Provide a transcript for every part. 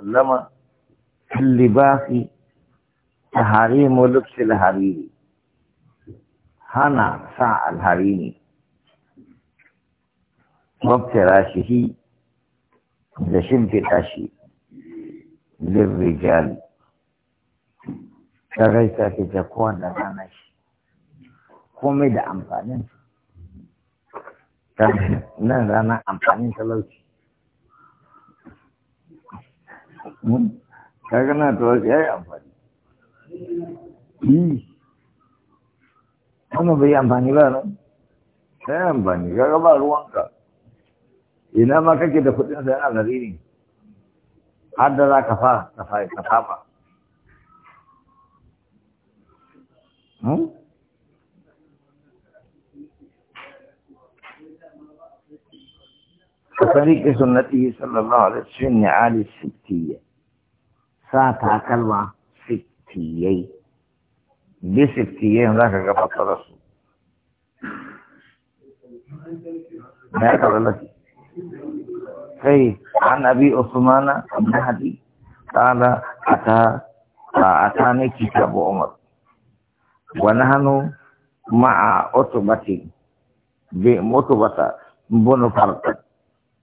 sallama kalli ba fi a hari mu hana sa alhari ne mafi rashi shi da shin fi tashi lirri ta rai ta fi da rana shi komai da amfanin ta nan rana amfanin talauci kaga na tuwa ya yi amfani yi wannan bai yi amfani ba nan ta yi amfani kaga ba ruwanka ina ma kake da kudin sayan azari ne har da za ka fa ka fa ka fa ba كطريق سنته صلى الله عليه وسلم على الستيه sa takalma sittiyai bi siftiyai za ka gaba tsara su na ya lafi kai an abi usmana abu hadi kala a ta a ta ne umar wani hannu ma'a otobati bi motobata bunu farkat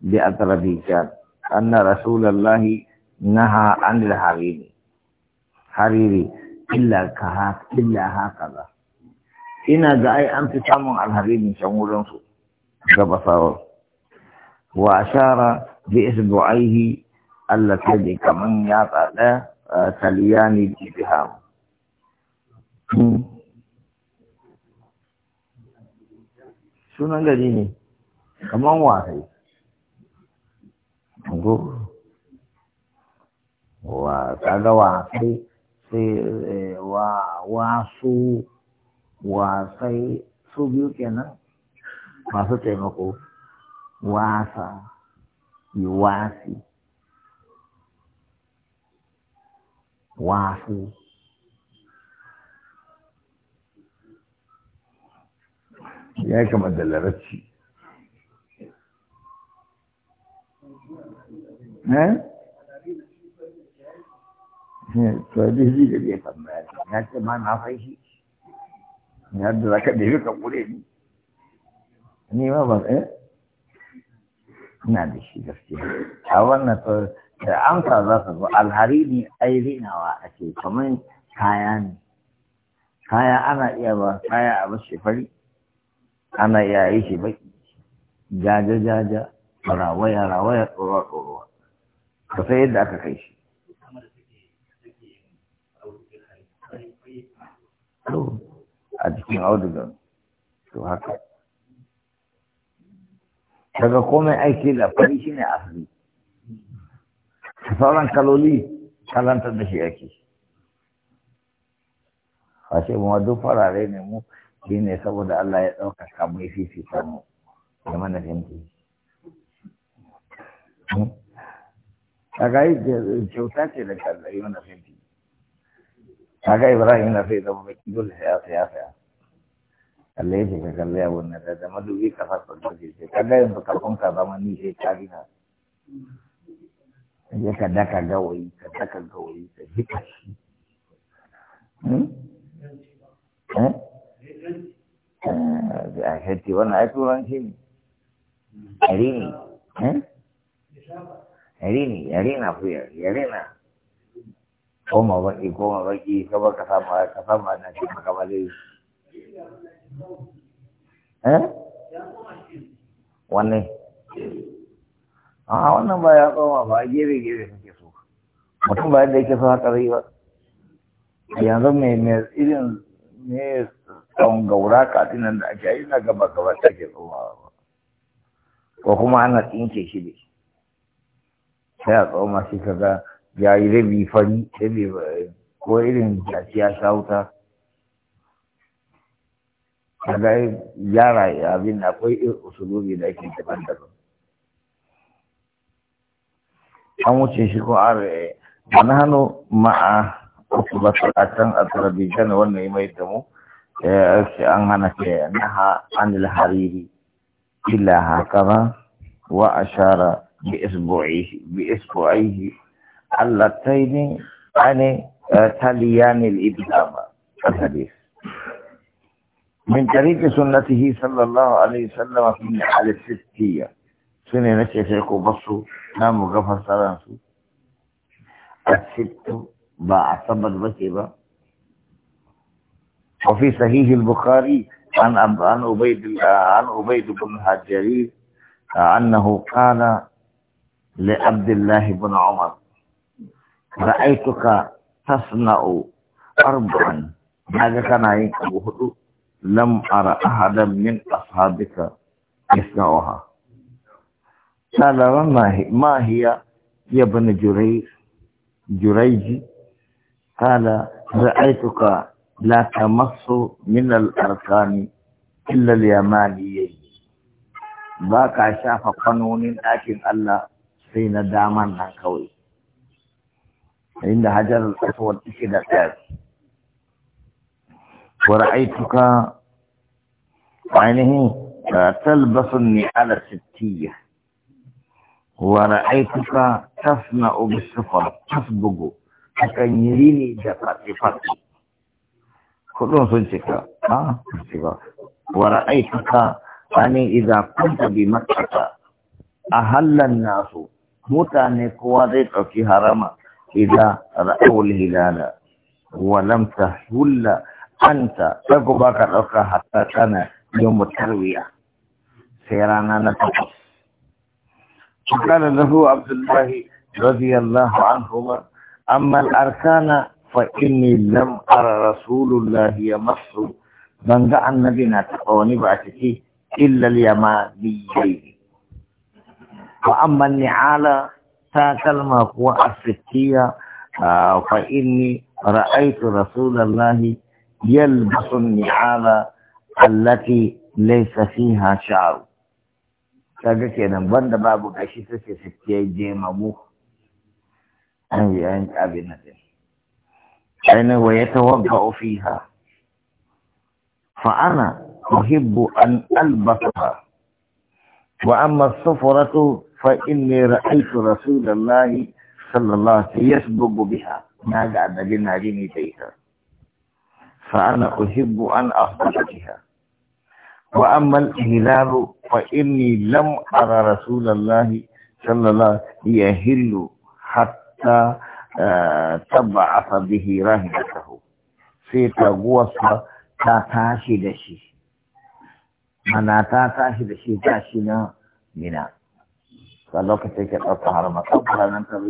bi azrabijan anna rasulallahi naha an lahariri hariri illa haka ba ina ga ai an fi samun alharimin can wurinsu ga basawar wa ashara bi isbu'aihi Allah ta je kaman ya tsada taliyani ji bi hamu sunan gari ne kaman wasai wa kaga wa sai eh, wa wa sai su biyu kenan masu taimako wasa yi wasi wasu ya kama da larabci eh to zai da zai tambaya ya ce ma na fashi ya da za ka ɗaya ka kure ni ni ma ba eh ina da shi gaskiya a wannan to da amsa za ka zo alhari ne ai rinawa a ce kamar kaya ne kaya ana iya ba kaya a bashi fari ana iya yi shi baki jaja jaja rawaya rawaya tsoro tsoro ka sai yadda aka kai shi aikin audugan to haka daga komai aiki da fari shi ne asali sauran kaloli kalantar da shi ake fashe mu duk farare ne mu shi ne saboda Allah ya ɗaukaka kamar ya fifita samu da mana a ga yi kyauta ce da kallari mana a ga Ibrahim na fai zama mai dole sai ya saya saya kalle shi ka kalle abun nan da da madubi ka fasa ce ka ga yanzu ka zama ni sai ka ya ka daka gawayi ka daka gawayi ka jika shi hmm? eh? Eh, a ne ne eh? ne na fuyar na koma baki koma baki ka ba sama ka sama na shi Wannan eh? wanne a wannan ba ya tsoma ba gefe gefe so mutum ba yadda yake so haka zai ba yanzu mai irin ne tsawon gaura katinan da ake yi na gaba gaba ke tsomawa ba ko kuma ana tsinke shi ne sai a tsoma shi kaga ya yi rabi fari eh, ko irin jaci ya sha wuta kaga yara abin akwai irin usulubi da ake daban daban an wuce shi ko arewa. raye wani hannu ma'a wasu ba a can a tarabijan wannan yi mai damu eh, shi an hana ke na ha an hariri illa hakama wa ashara bi isbu'ihi bi isbu'ihi allataini ane eh, taliyanil ibdama al hadith من طريق سنته صلى الله عليه وسلم في حال الستية سنة نشي شيخو بصو نام غفر سرانسو الست باع صبت بكبا وفي صحيح البخاري عن عن عبيد عن عبيد بن حجري أنه قال لعبد الله بن عمر رأيتك تصنع أربعا هذا كان أبو هدوء لم أرى أحدا من أصحابك يسمعها قال ما هي ما هي يا ابن جريج جريج قال رأيتك لا تمص من الأركان إلا اليمانيين باقى شاف قانون لكن الله سين داما عن قوي عند حجر الأسود كده ورأيتك عينه تلبس النعال الستية ورأيتك تصنع بالسفر تصبغ حتى يريني جفاتي فاتي كلهم سنشكا آه، ورأيتك يعني إذا كنت بمكة أهل الناس موتا نكواتي تكي حرما إذا رأوا الهلال ولم تحول أنت sai ku baka ɗauka hatta kana yawmu tarwiya sai فقال له عبد الله رضي الله عنهما أما الأركان فإني لم أرى رسول الله يمص من دعا النبي نتقوني بأتكي إلا اليمانيين وأما النعال تاكلمة هو الستية آه، فإني رأيت رسول الله يلبس النعال التي ليس فيها شعر kaga kenan banda babu gashi take sake je mamu an yi an abin nan aina wa yatawadda fiha fa ana uhibbu an albasaha wa amma as-sufratu fa inni ra'aytu rasulallahi sallallahu alaihi wasallam yasbugu biha naga annabi na rini da ita فأنا أحب أن أخطأ بها وأما الهلال فإني لم أرى رسول الله صلى الله عليه وسلم يهل حتى آه، تبعث به راهبته سيتغوص تاتاشي دشي mana تاتاشي دشي da shi ta shi na mina a lokacin ke ɗauka har matsabara nan ta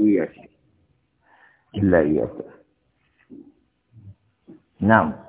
zuwa